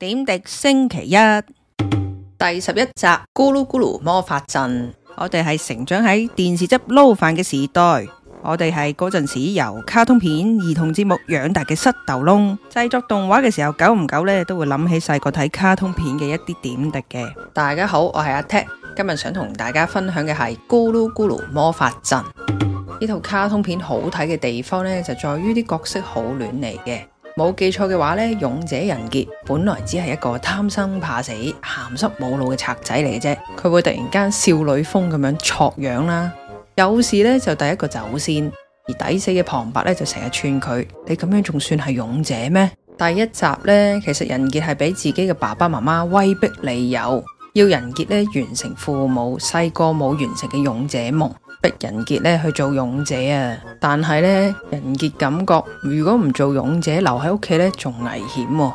點滴星期一第十一集《咕嚕咕嚕魔法陣》，我哋係成長喺電視汁撈飯嘅時代，我哋係嗰陣時由卡通片、兒童節目養大嘅膝頭窿。製作動畫嘅時候，久唔久咧都會諗起細個睇卡通片嘅一啲點滴嘅。大家好，我係阿 Tek，今日想同大家分享嘅係《咕嚕咕嚕魔法陣》呢套卡通片。好睇嘅地方咧，就在於啲角色好亂嚟嘅。冇記錯嘅話呢，勇者仁杰本來只係一個貪生怕死、鹹濕冇腦嘅賊仔嚟嘅啫，佢會突然間少女風咁樣錯樣啦，有事呢，就第一個走先，而抵死嘅旁白呢，就成日串佢，你咁樣仲算係勇者咩？第一集呢，其實仁杰係俾自己嘅爸爸媽媽威逼利誘，要仁杰呢完成父母細個冇完成嘅勇者夢。逼人杰咧去做勇者啊！但係咧，人杰感覺如果唔做勇者，留喺屋企咧仲危險喎，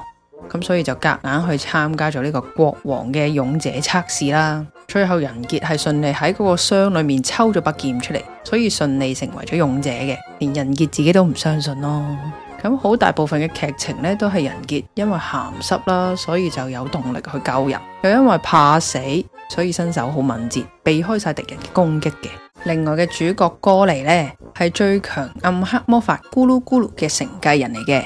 咁所以就夾硬去參加咗呢個國王嘅勇者測試啦。最後人杰係順利喺嗰個箱裏面抽咗把劍出嚟，所以順利成為咗勇者嘅，連人杰自己都唔相信咯。咁好大部分嘅劇情咧都係人杰因為咸濕啦，所以就有動力去救人，又因為怕死，所以身手好敏捷，避開晒敵人嘅攻擊嘅。另外嘅主角歌尼呢，係最強暗黑魔法咕嚕咕嚕嘅承繼人嚟嘅，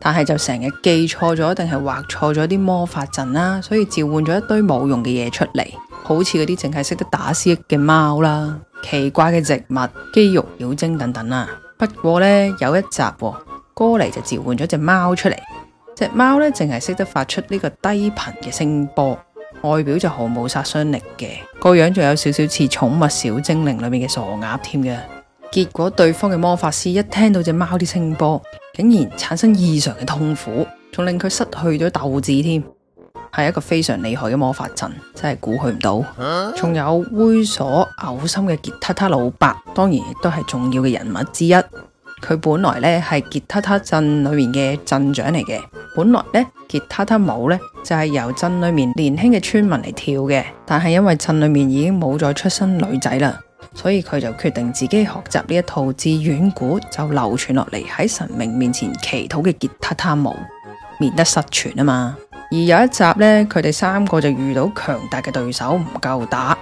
但係就成日記錯咗，定係畫錯咗啲魔法陣啦，所以召喚咗一堆冇用嘅嘢出嚟，好似嗰啲淨係識得打屍嘅貓啦，奇怪嘅植物、肌肉妖精等等啦。不過呢，有一集、哦，歌尼就召喚咗隻貓出嚟，隻貓呢，淨係識得發出呢個低頻嘅聲波。外表就毫無殺傷力嘅，個樣仲有少少似《寵物小精靈》裏面嘅傻鴨添嘅。結果對方嘅魔法師一聽到隻貓啲聲波，竟然產生異常嘅痛苦，仲令佢失去咗鬥志添。係一個非常厲害嘅魔法陣，真係估佢唔到。仲有猥瑣嘔心嘅傑塔塔老伯，當然亦都係重要嘅人物之一。佢本來咧係傑塔塔鎮裏面嘅鎮長嚟嘅，本來咧傑塔塔舞咧就係、是、由鎮裏面年輕嘅村民嚟跳嘅，但係因為鎮裏面已經冇再出生女仔啦，所以佢就決定自己學習呢一套自遠古就流傳落嚟喺神明面前祈禱嘅傑塔塔舞，免得失傳啊嘛。而有一集咧，佢哋三個就遇到強大嘅對手唔夠打，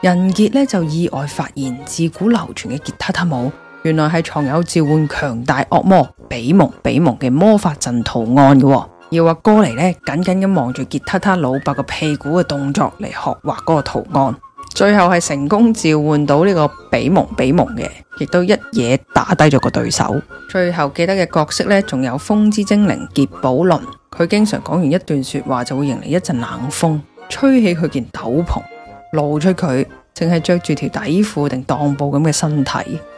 仁傑咧就意外發現自古流傳嘅傑塔塔舞。原來係藏有召喚強大惡魔比蒙比蒙嘅魔法陣圖案嘅。哦，要阿哥嚟咧緊緊咁望住傑塔塔老伯個屁股嘅動作嚟學畫嗰個圖案，最後係成功召喚到呢個比蒙比蒙嘅，亦都一嘢打低咗個對手。最後記得嘅角色呢，仲有風之精靈傑寶倫，佢經常講完一段說話就會迎嚟一陣冷風，吹起佢件斗篷，露出佢。淨係着住條底褲定襠布咁嘅身體，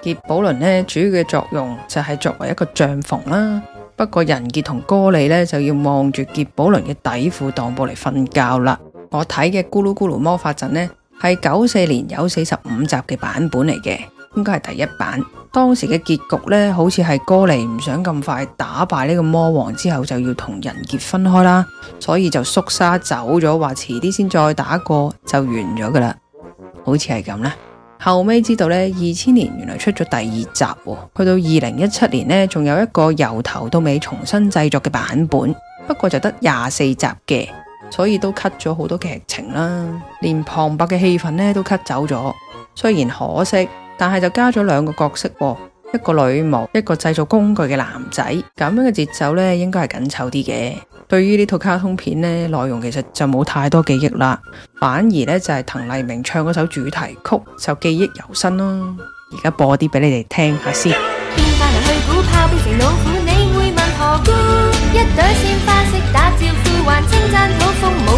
傑寶倫咧主要嘅作用就係作為一個帳篷啦。不過人傑同歌利咧就要望住傑寶倫嘅底褲襠布嚟瞓覺啦。我睇嘅咕嚕咕嚕魔法陣呢係九四年有四十五集嘅版本嚟嘅，應該係第一版。當時嘅結局呢好似係歌利唔想咁快打敗呢個魔王之後就要同人傑分開啦，所以就縮沙走咗，話遲啲先再，再打過就完咗噶啦。好似係咁啦，後尾知道呢，二千年原來出咗第二集喎。哦，去到二零一七年呢，仲有一個由頭到尾重新製作嘅版本，不過就得廿四集嘅，所以都 cut 咗好多劇情啦，連旁白嘅氣氛呢都 cut 走咗，雖然可惜，但係就加咗兩個角色。哦，一個女模，一個製作工具嘅男仔，咁樣嘅節奏呢，應該係緊湊啲嘅。對於呢套卡通片呢，內容其實就冇太多記憶啦，反而呢，就係滕麗明唱嗰首主題曲就記憶猶新咯。而家播啲俾你哋聽下先。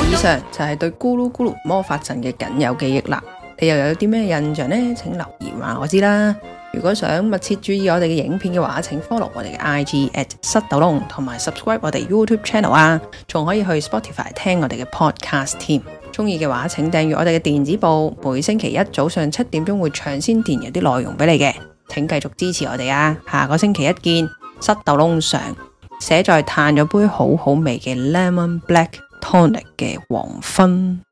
以上就係對《咕嚕咕嚕魔法陣》嘅僅有記憶啦。你又有啲咩印象呢？請留言話我知啦。如果想密切注意我哋嘅影片嘅話，請 follow 我哋嘅 IG at 塞豆窿，同埋 subscribe 我哋 YouTube channel 啊，仲可以去 Spotify 聽我哋嘅 podcast 添。中意嘅話，請訂閱我哋嘅電子報，每星期一早上七點鐘會搶先電郵啲內容俾你嘅，請繼續支持我哋啊！下個星期一見，塞豆窿上寫在嘆咗杯好好味嘅 Lemon Black Tonic 嘅黃昏。